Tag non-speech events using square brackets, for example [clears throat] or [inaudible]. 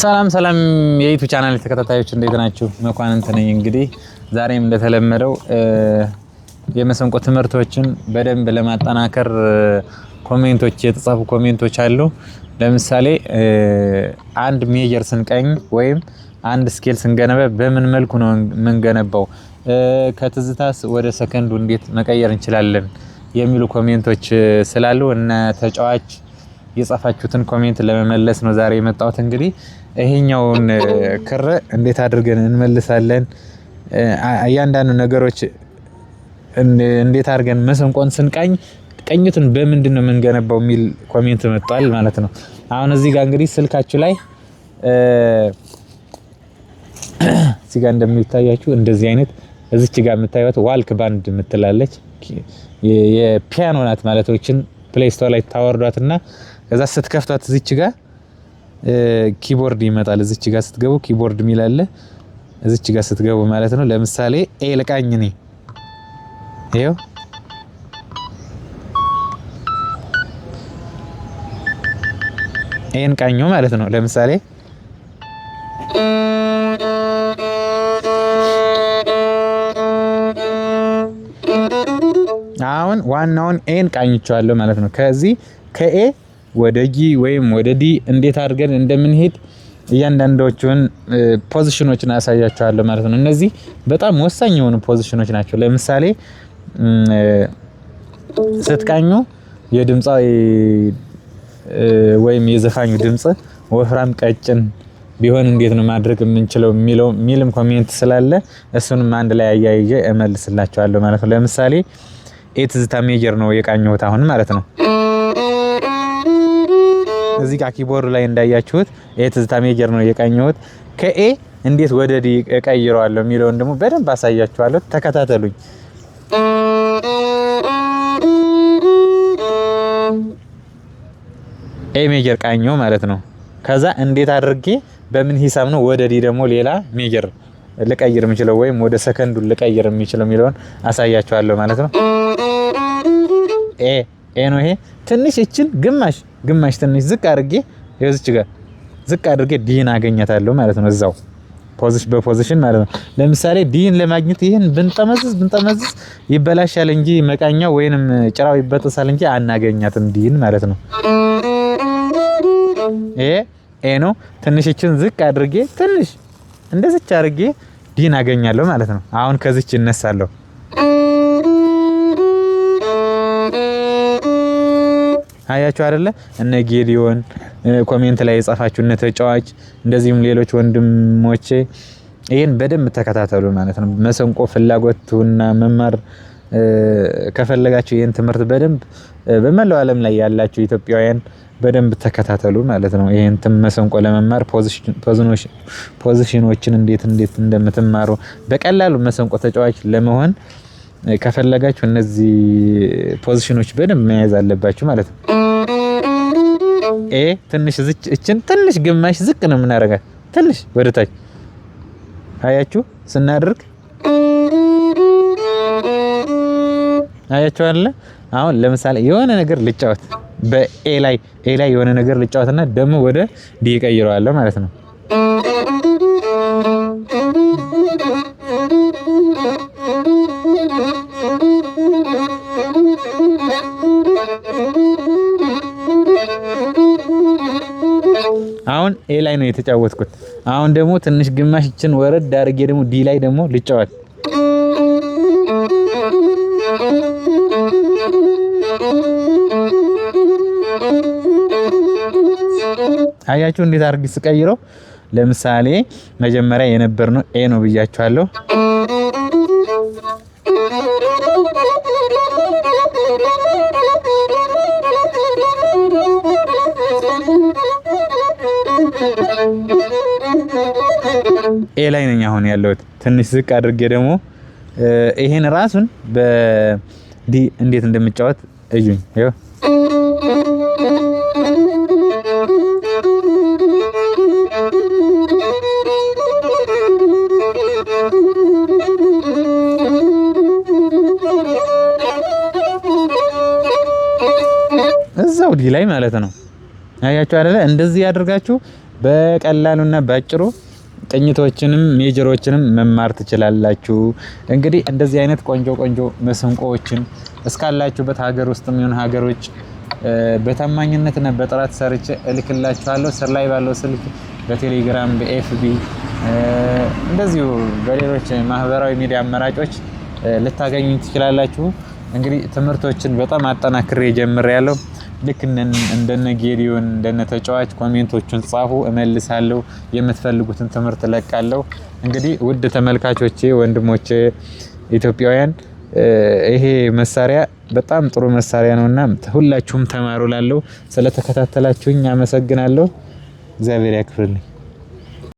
ሰላም ሰላም የዩቱ ቻናል ተከታታዮች እንዴት ናችሁ? መኳንንት ነኝ። እንግዲህ ዛሬም እንደተለመደው የመሰንቆ ትምህርቶችን በደንብ ለማጠናከር ኮሜንቶች የተጻፉ ኮሜንቶች አሉ። ለምሳሌ አንድ ሜጀር ስንቀኝ ወይም አንድ ስኬል ስንገነበ በምን መልኩ ነው የምንገነባው? ከትዝታስ ወደ ሰከንዱ እንዴት መቀየር እንችላለን? የሚሉ ኮሜንቶች ስላሉ እነ ተጫዋች የጻፋችሁትን ኮሜንት ለመመለስ ነው ዛሬ የመጣሁት። እንግዲህ ይሄኛውን [laughs] ክር እንዴት አድርገን እንመልሳለን፣ እያንዳንዱ ነገሮች እንዴት አድርገን መሰንቆን ስንቃኝ ቀኝቱን በምንድን ነው የምንገነባው የሚል ኮሜንት መጥቷል ማለት ነው። አሁን እዚህ ጋር እንግዲህ ስልካችሁ ላይ [clears throat] እዚህ ጋር እንደሚታያችሁ እንደዚህ አይነት እዚች ጋር የምታዩት ዋልክ ባንድ የምትላለች የፒያኖ ናት ማለቶችን ፕሌይ ስቶር ላይ እና ከዛ ስትከፍቷት እዚች ጋ ኪቦርድ ይመጣል። እዚች ጋ ስትገቡ ኪቦርድ ሚላለ እዚች ጋ ስትገቡ ማለት ነው። ለምሳሌ ኤ ልቃኝ ኔ ይሄው ኤን ቃኘው ማለት ነው። ለምሳሌ አሁን ዋናውን ኤን ቃኝቸዋለሁ ማለት ነው። ከዚህ ከኤ ወደ ጂ ወይም ወደ ዲ እንዴት አድርገን እንደምንሄድ እያንዳንዶቹን ፖዚሽኖችን አሳያቸዋለሁ ማለት ነው። እነዚህ በጣም ወሳኝ የሆኑ ፖዚሽኖች ናቸው። ለምሳሌ ስትቃኙ የድምፃዊ ወይም የዘፋኙ ድምፅ ወፍራም ቀጭን ቢሆን እንዴት ነው ማድረግ የምንችለው የሚለው ሚልም ኮሜንት ስላለ እሱንም አንድ ላይ አያይዤ እመልስላቸዋለሁ ማለት ነው። ለምሳሌ የትዝታ ሜጀር ነው የቃኘሁት አሁን ማለት ነው። እዚህ ጋር ኪቦርድ ላይ እንዳያችሁት የትዝታ ሜጀር ነው የቃኘሁት። ከኤ እንዴት ወደ ዲ እቀይረዋለሁ የሚለውን ደግሞ በደንብ አሳያችኋለሁ። ተከታተሉኝ። ኤ ሜጀር ቃኘው ማለት ነው። ከዛ እንዴት አድርጌ በምን ሂሳብ ነው ወደ ዲ ደግሞ ሌላ ሜጀር ልቀይር የምችለው ወይም ወደ ሰከንዱ ልቀይር የሚችለው የሚለውን አሳያችኋለሁ ማለት ነው። ኤ ኤ ነው ይሄ። ትንሽ እችን ግማሽ ግማሽ ትንሽ ዝቅ አድርጌ የዚች ጋር ዝቅ አድርጌ ዲን አገኘታለሁ ማለት ነው። እዛው ፖዚሽን በፖዚሽን ማለት ነው። ለምሳሌ ዲን ለማግኘት ይህን ብንጠመዝዝ ብንጠመዝዝ ይበላሻል እንጂ መቃኛው ወይንም ጭራው ይበጠሳል እንጂ አናገኛትም ዲን ማለት ነው። ኤ ኤ ነው። ትንሽ ትንሽችን ዝቅ አድርጌ ትንሽ እንደዚች አድርጌ ዲን አገኛለሁ ማለት ነው። አሁን ከዚች ይነሳለሁ። አያችሁ አይደለ? እነ ጌዲዮን ኮሜንት ላይ የጻፋችሁ እነ ተጫዋች እንደዚሁም ሌሎች ወንድሞቼ ይህን በደንብ ተከታተሉ ማለት ነው። መሰንቆ ፍላጎቱና መማር ከፈለጋችሁ ይህን ትምህርት በደንብ በመላው ዓለም ላይ ያላችሁ ኢትዮጵያውያን በደንብ ተከታተሉ ማለት ነው። ይህን መሰንቆ ለመማር ፖዚሽኖችን እንዴት እንዴት እንደምትማሩ በቀላሉ መሰንቆ ተጫዋች ለመሆን ከፈለጋችሁ እነዚህ ፖዚሽኖች በደንብ መያዝ አለባችሁ ማለት ነው። ኤ ትንሽ ዝች እችን ትንሽ ግማሽ ዝቅ ነው የምናደርጋት ትንሽ ወደታች አያችሁ ስናደርግ አያችሁ አለ። አሁን ለምሳሌ የሆነ ነገር ልጫወት በኤ ላይ ኤ ላይ የሆነ ነገር ልጫወትና ደግሞ ወደ ዲ ቀይረዋለሁ ማለት ነው። አሁን ኤ ላይ ነው የተጫወትኩት። አሁን ደግሞ ትንሽ ግማሽ ወረድ አድርጌ ደግሞ ዲ ላይ ደግሞ ልጫወት። አያችሁ እንዴት አድርግ ስቀይረው። ለምሳሌ መጀመሪያ የነበር ነው ኤ ነው ብያችኋለሁ። ኤ ላይ ነኝ አሁን ያለሁት። ትንሽ ዝቅ አድርጌ ደግሞ ይሄን ራሱን በዲ እንዴት እንደምጫወት እዩኝ። ይኸው እዛው ዲ ላይ ማለት ነው። አያችሁ አይደለ? እንደዚህ ያደርጋችሁ በቀላሉና በአጭሩ ቅኝቶችንም ሜጀሮችንም መማር ትችላላችሁ። እንግዲህ እንደዚህ አይነት ቆንጆ ቆንጆ መሰንቆዎችን እስካላችሁበት ሀገር ውስጥ የሚሆን ሀገሮች በታማኝነት በታማኝነትና በጥራት ሰርቼ እልክላችኋለሁ። ስር ላይ ባለው ስልክ በቴሌግራም በኤፍቢ እንደዚሁ በሌሎች ማህበራዊ ሚዲያ አማራጮች ልታገኙ ትችላላችሁ። እንግዲህ ትምህርቶችን በጣም አጠናክሬ ጀምሬያለሁ። ልክ እንደነ ጌዲዮን እንደነ ተጫዋች ኮሜንቶቹን ጻፉ፣ እመልሳለሁ። የምትፈልጉትን ትምህርት ለቃለሁ። እንግዲህ ውድ ተመልካቾቼ፣ ወንድሞቼ ኢትዮጵያውያን ይሄ መሳሪያ በጣም ጥሩ መሳሪያ ነውና ሁላችሁም ተማሩ። ላለው ስለተከታተላችሁኝ አመሰግናለሁ። እግዚአብሔር ያክፍልኝ።